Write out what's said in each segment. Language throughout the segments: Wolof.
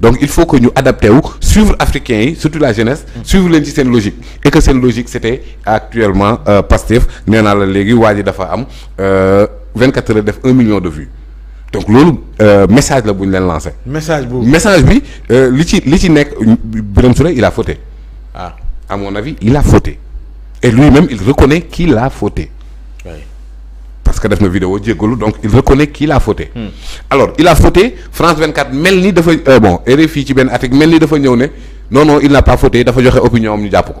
donc il faut que ñu adapté wu suivre africains yi surtout la jeunesse suivre leen ci seen logique et que seen logique c'était actuellement euh, Pastef naa la léegi waa ji dafa am euh, vingt quatre heures def un million de vues donc loolu euh, message la bu ñu leen lancé message boobu message bi euh, li ci li ci nekk euh, Birame Souleye il a fauté ah à mon avis il a fauté et lui-même il reconnaît qu'il a fauté parce que def na vidéo jéggalu donc il reconnaît qu'il a fauté hmm. alors il a fauté France 24 mel ni dafa euh, bon RFI ci benn article mel ni dafa ñëw ne non non il n'a pas fauté dafa joxe opinion am ñu jàpp ko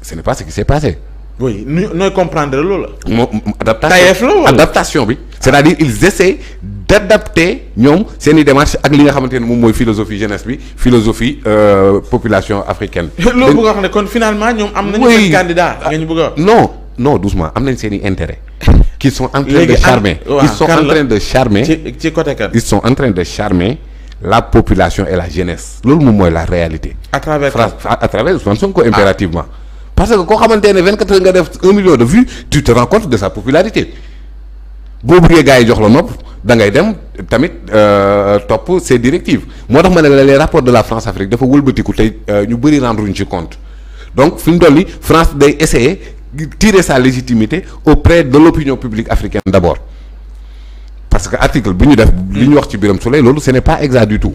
ce n'est pas ce qui s'est passé oui nooy comprendre loolu bi c'est-à-dire ils ñoom seen i démarche ak li nga xamante ne moom mooy philosophie jeunesse bi philosophie euh, population africaine loolu bëgg a wax ne kon finalement ñoom am nañu seen candidat ah, nga ñu bëgg a am nañ seen i intérêt qui sont en train de charmer ils sont kan ils sont en la population et la jeunesse loolu moom mooy la réalité à travers à travers Ousmane Sonko impérativement parce que koo xamante ne vingt-quatre heures nga def un million de vues tu te rends compte de sa popularité boo bëggee gars yi jox la nopp da ngay dem tamit euh, topp ces directive moo tax ma ne la les rapport de la France Afrique dafa wëlbatiku tey euh, ñu bëri rendre ñu ci compte donc fi ñu toll nii France day essayer tirer sa légitimité auprès de l'opinion publique africaine d'abord parce que article bu ñu def li ñu wax ci Birame Souleye loolu ce n'est pas exact du tout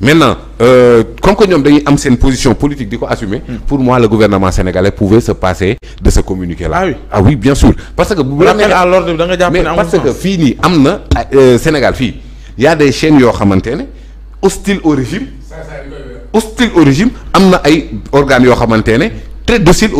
maintenant euh, comme que ñoom dañuy am seen position politique di ko assumer hmm. pour moi le gouvernement sénégalais pouvait se passer de ce communiqué là ah oui, ah oui bien sûr parce que ne parce que fii nii am na euh, Sénégal fii y a des yoo xamante ne hostile au régime hostile au régime am na ay organes yoo xamante très docile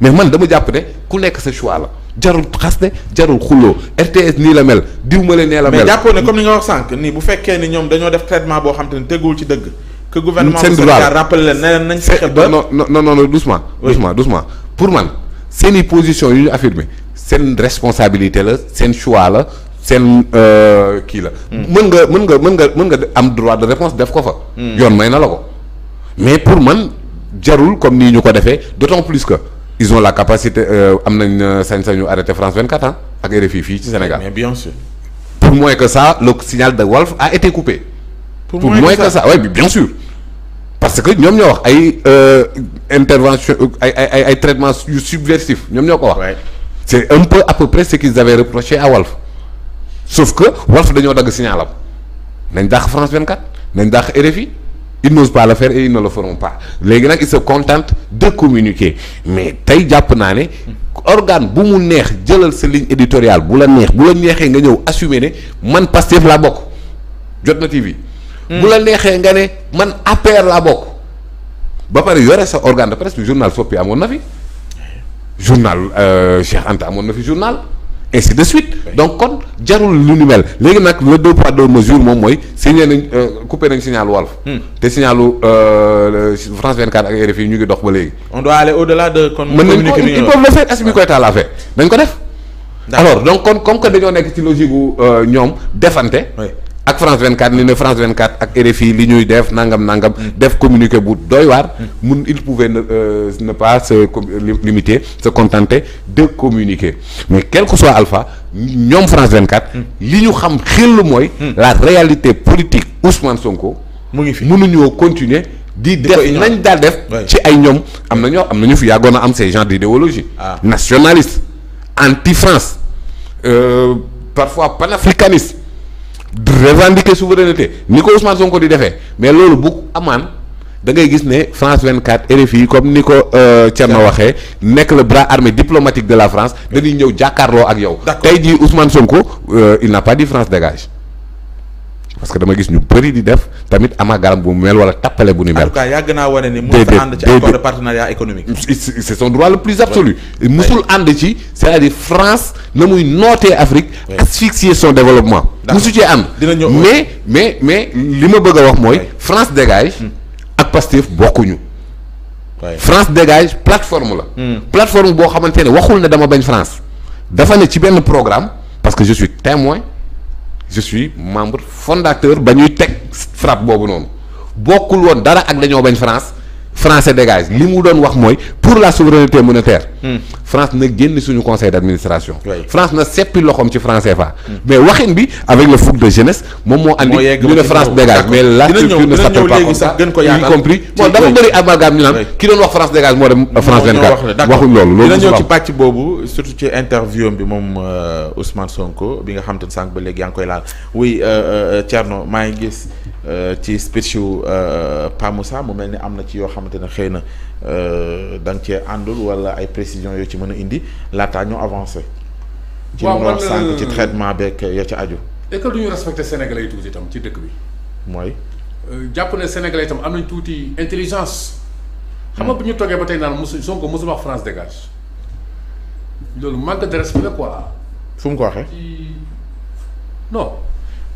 mais man dama jàpp ne ku nekk sa choix la jarul xas ne jarul xuloo RTS nii la mel diw ma leen nee la mel. mais jàppoo ne comme ni nga wax sànq nii bu fekkee ni ñoom dañoo def traitement boo xam te ne teguwul ci dëgg. que gouvernement bu Sénégal rappelé leen ne leen nañ fexe ba non non pour man seen i position yu ñu affirmé seen responsabilité la seen choix la seen euh, kii la. Hmm. mën nga mën nga mën nga mën nga am droit de réponse def ko fa. Hmm. yoon may na la ko mais pour man jarul comme nii ñu ko defee d'autant plus que. ils ont la capacité euh, am nañ euh, sañ-sañu arrêté France 24 ans ak RFI fii ci Sénégal. mais bien sûr. pour moins que ça le signal de Walf a été coupé. pour, moins, que, que ça oui bien sûr. parce que ñoom ñoo wax ay euh, intervention ay ay ay traitements yu subversif ñoom ñoo ko wax. c'est un peu à peu près ce qu'ils avaient reproché à Walf sauf que Walf dañoo dagg signalam nañ dàq France 24 nañ dàq RFI. ils n'osent pas le faire et ils ne le pas léegi nag ils se contentent de communiquer mais tey jàpp naa ne organe bu mu neex jëlal sa ligne éditoriale bu la neex bu la neexee nga ñëw assumer ne man Pastef laa bokk jot na TV. Hmm. bu la neexee nga ne man APR laa bokk ba pare yore sa organe de presse bi journal soppi amoon na fi journal euh, Cheikh Anta amoon na fi journal ainsi de suite donc kon jarul lu ni mel léegi nag le deux poids deux mesures moom mooy signé nañ euh, coupé nañ signal Walf hmm. te signalu euh, France 24 ak RFI ñu ngi dox ba léegi. on doit aller au-delà de kon. mën nañ ko ils peuvent le faire que ñu koy taal dañ ko def. alors donc kon comme que dañoo nekk ci logique gu euh, ñoom defante. ak France 24 ni ne France 24 ak RFI li ñuy def nangam nangam. def communiqué bu dooy waar. mun il pouvait ne euh, pas se limiter se de communiquer mais quel que soit Alpha ñoom France 24. li ñu xam xel mooy. la réalité politique Ousmane Sonko. mu ngi fi mënuñoo continuer. di def nañ daal def ci ay ñoom am na ñoo am na ñu fi yàggoon a am ces genres d'idéologie ah. nationaliste anti France euh, parfois panafricaniste revendiquer souveraineté ni ko Ousmane Sonko di defee mais loolu bu amaan da ngay gis ne France 24 RFI comme ni ko euh, Thierno waxee nekk la bras armé diplomatique de la France dañuy ñëw jàkkaarloo ak yow. tey jii Ousmane Sonko euh, il n'a pas dit France dégage. parce que dama gis ñu bëri di def tamit ama garam bu mel wala tappale bu ni mel. en tout cas yàgg a ànd ci accord de c'est son droit le plus absolu. musul ànd ci c'est-à-dire France na muy nootee Afrique. asphyxier son développement. musu cee ànd. mais mais mais li ma bëgg a wax mooy. France dégage. Hmm. ak Pastef bokkuñu. France dégage plateforme la. Hmm. plateforme boo xamante ne waxul na dama bañ France. dafa ne ci benn programme parce que je suis témoin je membre fondateur ba ñuy teg frappe boobu noonu bokkul woon dara ak lañoo bañ France français dégage li mu doon wax mooy pour la souveraineté monétaire. Hmm. France na génn suñu conseil d' France na seppi loxoom ci franc CFA. mais waxin bi avec le fougue de jeunesse moom moo andi. ñu ne France dégage mais la structure ne s'appelle pas comme ça y compris bon dafa bëri amalgame ñu naan ki doon wax France dégage moo waxuñ loolu loolu dina ñëw ci pàcc boobu surtout ci interview am bi moom euh, Ousmane Sonko bi nga xam te ne sànq Euh, ci speech u euh, Pa Moussa mu mel ni am na ci yoo xamante ne xëy na euh, da nga cee àndul wala ay précisions yoo ci mën a indi laataa ñu avancé. ci li sànq ci traitement beeg ya ci aju. est-ce que du ñu respecté sénégalais yi tuuti itam ci dëkk bi. mooy. jàpp ne sénégalais itam am nañ tuuti intelligence. xam nga hmm. bu ñu toggee ba tey naan mosu Sonko mosu wax France dégage. loolu manque de respect la quoi. fu mu ko waxee. non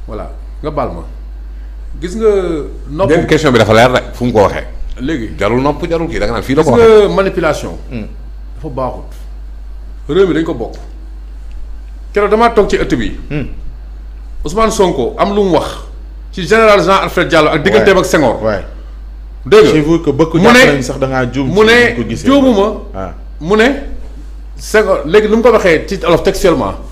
voilà nga baal ma. gis nga. nopp léegi question bi dafa leer rek fu mu ko waxee. léegi jarul nopp jarul kii da nga naan fii la ko waxee. gis nga manipulation. Hmm. dafa baaxut. réew mi dañ ko bokk. keroog dama toog ci ëtt bi. Hmm. Ousmane Sonko am lu mu wax. ci général Jean Alfred Diallo ak digganteem ak Senghor. waay dégg nga mu ne sax da ngaa mu ne juumuma ah. mu ne Senghor léegi lu mu ko waxee ci olof textuellement.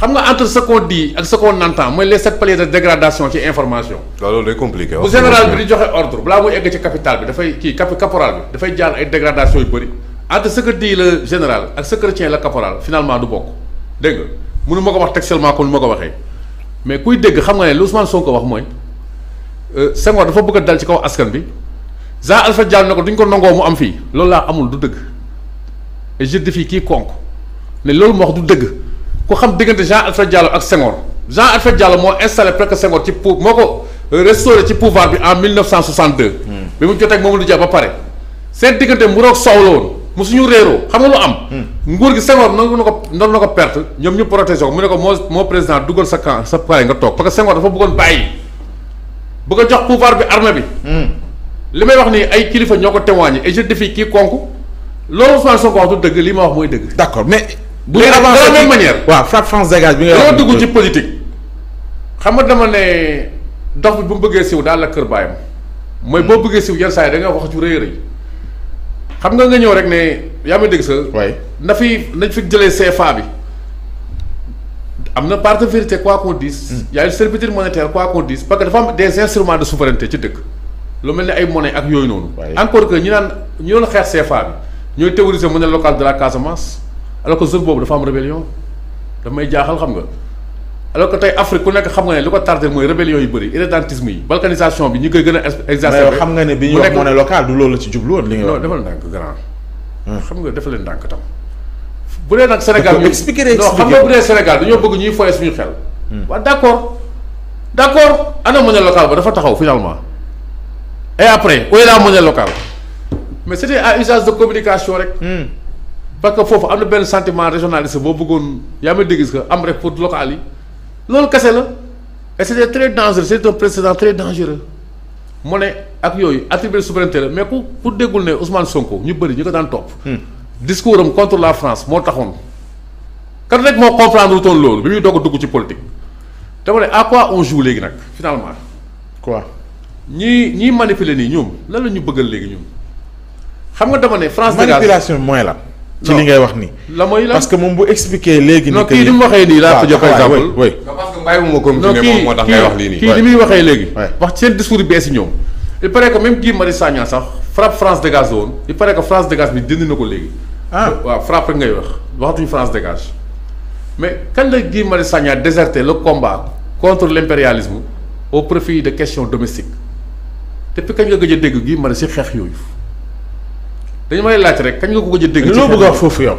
xam nga entre ce qu'on ak ce qu'on entend mooy les sept paliers de dégradation ci information. waaw loolu day compliqué. bu général bi di joxe ordre balaa muy egg ci capital bi dafay kii cap caporal bi dafay jaar ay dégradation yu bëri entre ce que dit le général ak ce que retient le caporal finalement du bokk dégg nga mënu ma ko wax textuellement kon ma ko waxee mais kuy dégg xam nga ne lu soo Sonko wax mooy euh, Senghor dafa bëgg a dal ci kaw askan bi Jean Alpha Diallo ne ko duñ ko nangoo mu am fii loolu laa amul du dëgg et je défie quiconque ne loolu mu wax dëgg. ku xam diggante Jean Alfred Diallo ak Senghor Jean Alfred Diallo moo installé presque Senghor ci pou moo ko restauré ci pouvoir bi en 1962. Hmm. bi mu jotee ak Mamadou Dia ba pare. seen diggante mu roog soow la woon mu suñu réeroo xam nga lu am. Hmm. nguur gi Senghor nangu na ko nangu na ko perte ñoom ñu protégé ko mu ne ko moo moo président dugal sa camp sa pare nga toog parce que Senghor dafa bëggoon bàyyi bëgg bi armée bi. Hmm. li may wax ni ay kilifa ñoo ko témoigné et je défie quiconque loolu Ousmane Sonko wax du dëgg li ma wax mooy dëgg. d'accord mais. bu ñu avancé de la même manière waaw frappe France dégage bi nga. dugg ci politique. xam nga dama ne dox bi bu mu bëggee siw daal la kër baayam mooy boo hmm. bëggee siw yenn saa yi da nga wax ju rëy xam nga nga ñëw rek ne yaa ma dégg sa. waay na fi nañ fi jëlee CFA bi. am na part de quoi qu'on dise. Hmm. y a une servitude monétaire quoi qu'on dise parce que dafa am des instruments de souveraineté ci dëkk. lu mel ni ay monnaie ak yooyu noonu. encore que ñu naan ñu doon xeex CFA bi ñooy théoriser monnaie locale de la Casamance. alors que zone boobu dafa am rébellion damay jaaxal xam nga alors que tey Afrique ku nekk xam nga ne li ko tardé mooy rébellion yu bëri irrédentisme yi balkanisation bi ñi koy gën a exacerbé xam nga ne bi ñu wax monnaie locale du loolu la ci jublu woon li nga non defal ndànk grand hmm. xam nga defal leen ndànk tam bu dee nag Sénégal ñu expliqué non xam nga bu dee Sénégal dañoo bëgg ñuy foye suñu xel hmm. waaw d' accord d' accord ana monnaie locale ba dafa taxaw finalement et après où est la monnaie locale mais c' était à usage de rek hmm. parce que foofu am na benn sentiment régionaliste boo bëggoon yaa may dégg que am rek pour local yi loolu kese la et c' était très dangereux c' est un précédent très dangereux mu ne ak yooyu attribuer souveraineté la mais ku ku déggul ne Ousmane Sonko ñu bëri ñu ko daan topp. Hmm. discours am contre la France moo taxoon. kan rek moo comprendre toon loolu bi muy doog a dugg ci politique dama ne à quoi on joue léegi nag finalement. quoi ñii ñii manipuler nii ñoom lan la ñu bëggal léegi ñoom nga dama ne. France dégage manipulation mooy la. ci li ngay wax nii. la mooy la parce que moom bu expliquer léegi. ni kii li mu waxee nii laa ko jox exemple. moom moo tax ngay wax lii nii. kii li muy waxee léegi. wax seen discours yu bees yi ñoom. il paraît que même Guy Marius Sagna sax frappe France dégage woon il paraît que France dégage bi dindi na ko léegi. ah waaw frappe rek ngay wax waxatuñu France dégage. mais quand la Guy Marius Sagna déserté le combat contre l'impérialisme au profit de questions domestiques te kañ nga gëj a dégg Guy Marius si xeex yooyu. dañu may laaj rek kañ nga ko gëj a dégg. loo bëgg a wax foofu yow.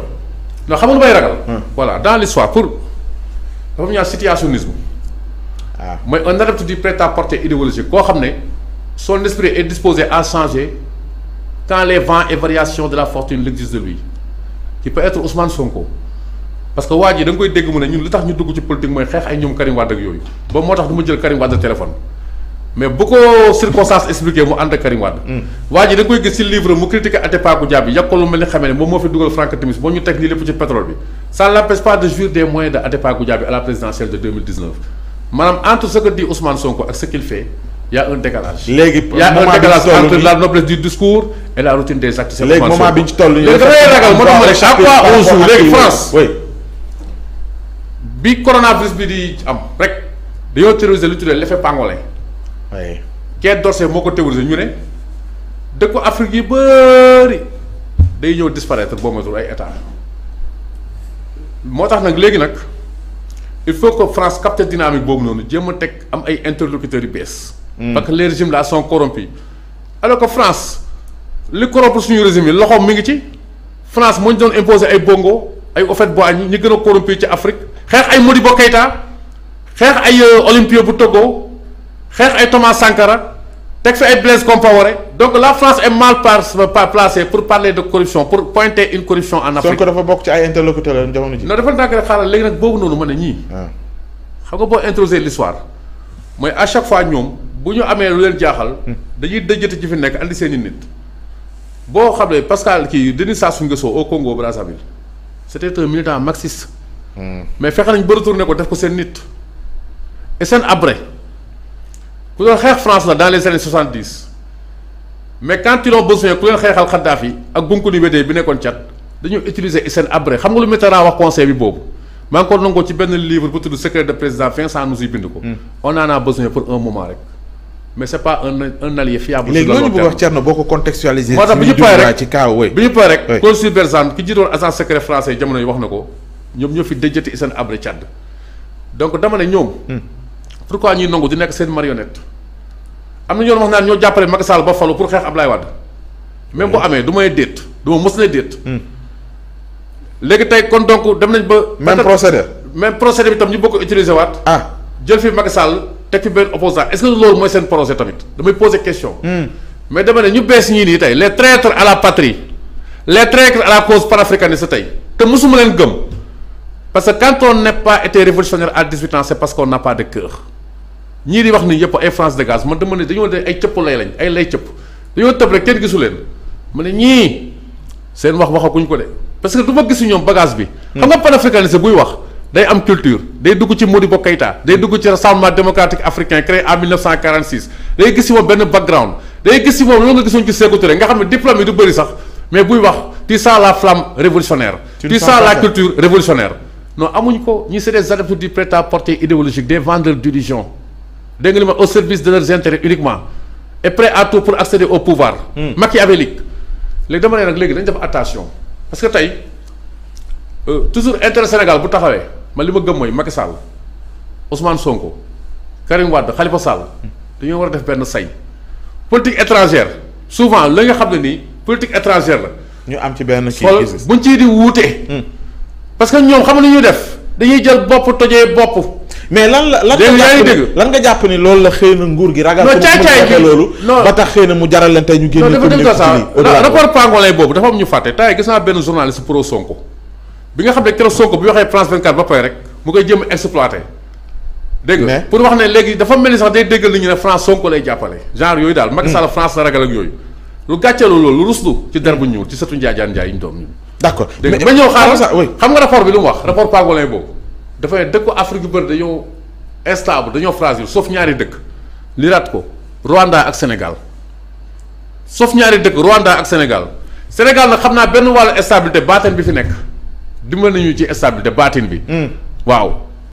non xam nga bay ragal. Hmm. voilà dans l'histoire pour dafa ñaar situationnisme. waaw ah. mooy un adepte du prêt-à-porter idéologique koo xam ne son esprit est disposé à changer quand les vents et variations de la fortune l'exigent de lui qui peut être Ousmane Sonko. parce que waa ji da nga koy dégg mu ne ñun lu tax ñu dugg ci politique mooy xeex ay ñoom Karim Wade yooyu ba moo tax du ma jël Karim Wade mais bu ko circonstance expliqué mu ànd ak Karim mm. waa ji da koy gis ci livre mu critiqué Atepa bu jàpp yàq ko lu mel ni xamee moom moo fi dugal Franck Timis moo ñu teg nii lépp ci pétrole bi ça n'empêche pas de jouir des moyens de Atepa bu jàpp à la présidentielle de 2019 entre ce que dit Ousmane Sonko ak ce qu'il fait y a un décalage. léegi y a un entre la noblesse du discours et la routine des actes. léegi moment bi ñu ci toll nii ne chaque fois bi coronavirus bi di am rek dañoo terroriser lu tuddee l'effet pangolin waaye Quai d'Orsay moo ko théorisé ñu ne dëkku Afrique yi bëri day ñëw disparaître boo matul ay état moo tax nag léegi nag il faut que France capte dynamique boobu noonu jéem a teg am ay interlocuteurs yu bees. Hmm. parce que les régimes là sont corrompus alors que France li corrompre suñu régime yi loxoom mi ngi ci France moo ñu doon imposer ay bongo ay Houphouët-Boigny ñi gën a corrompu ci Afrique xeex ay Modibo Keïta xeex ay euh, Olympia bu Togo. xeex ay Thomas Sankara teg fi ay Blaise Compaoré donc la France est mal par placée pour parler de corruption pour pointer une corruption en Afrique. Sonko dafa bokk ci ay interlocuteurs la jamono ji. non dafa nekk rek xaaral léegi nag boobu noonu ma ne ñii. Ah. xam nga boo introduire l'histoire mooy à chaque fois ñoom bu ñu amee lu leen jaaxal. Hmm. dañuy dëjëte ci fi nekk andi seen i nit. boo xam ne Pascal kii Denis Sassou Nguesso au Congo Brazzaville c'était un militant marxiste. Hmm. mais fexe nañ ba retourné ko def ko seen nit. et seen ku doon xeex France la dans les années 70 mais quand ils ont besoin ku leen xeexal Kadhafi ak Bunkuni Wedde bi nekkoon Tchad dañoo utiliser Hissène Habré xam nga lu Mitterrand wax conseil bi boobu maa ko nangoo ci benn livre bu tudd secret de président Vincent Nouzy bind ko. Hmm. on a besoin pour un moment rek. mais c'est pas un un allié fiable. léegi loolu bëgg wax boo ko contextualiser. moo tax bi ñu paree rek ci kaw ki jiitoon agence ko ñoom ñoo fi déjati Hissène pour pourquoi ñuy nangu di nekk seen marionnette am na ñoo wax naan ñoo jàppale Macky Sall ba falu pour xeex Ablaye Wade même bu mm-hmm. amee du may déet du ma na déet. Mm. léegi tey kon donc dem nañ ba. même procédé. même procédé bi tam ñu bokk utiliser waat. ah jël fi Macky Sall teg fi benn opposant est-ce que loolu mooy seen projet tamit damay poser question. Mm. mais dama ne ñu bees ñii nii tey les traîtres à la patrie les traîtres à la cause panafricaniste tey te mosuma leen gëm parce que quand on n'est pas ñii di wax ni yëpp ay France de gaz man dama dañoo de ay cëpp lay lañ ay lay cëpp dañoo tëb rek kenn gisu leen ma ne ñii seen wax waxaguñ ko de parce que du ma gisu ñoom bagage bi. xam nga hmm. panafricaniste buy wax day am culture day dugg ci Modibo Keïta day dugg ci rassemblement démocratique africain créé en day gis si moom benn background day gis si moom loolu nga gisoon ci Sékou nga xam ne diplôme yi du bëri sax mais buy wax tu la flamme révolutionnaire. ko ñi c'est des adeptes du prêt dégg nga ma au service de leurs intérêts uniquement et prêt à tout pour accéder au pouvoir. Hmm. machiavélique léegi dama ne nag léegi dañu def attention parce que tey euh, toujours intérêt Sénégal bu taxawee ma li ma gëm mooy Macky Sall Ousmane Sonko Karim Wade Khalifa Sall dañoo war a def benn say. politique étrangère souvent la nga xam ne nii politique étrangère la. ñu am ci benn kii buñ ci di wuute. Hmm. parce que ñoom xam na ñuy def dañuy jël bopp tojee bopp. mais lan la lan lan nga jàpp ni loolu la xëy na nguur gi ragal ko loolu ba tax xëy na mu jaral leen tey ñu génne rapport pangolin boobu dafa am ñu fàtte tey gis naa benn journaliste pro Sonko bi nga xam ne keroog Sonko bi waxee France 24 ba pare rek mu koy jëm exploité dégg pour wax ne léegi dafa mel ni sax day déggal li ñu ne France Sonko lay jàppale genre yooyu daal Macky hmm. Sall France la ragal ak yooyu lu gàcceelu loolu lu ruslu ci der hmm. ñuul ci sëtu njaajaan njaay ñu doom d'accord mais ñëw xaaral sax dafa ne dëkku Afrique yu bëri dañoo instable dañoo fragile sauf ñaari dëkk liraat ko Rwanda ak Sénégal sauf ñaari dëkk Rwanda ak Sénégal Sénégal nag xam naa benn wàllu stabilité baatin bi fi nekk dimbal nañu ci stabilité baatin bi hmm. waaw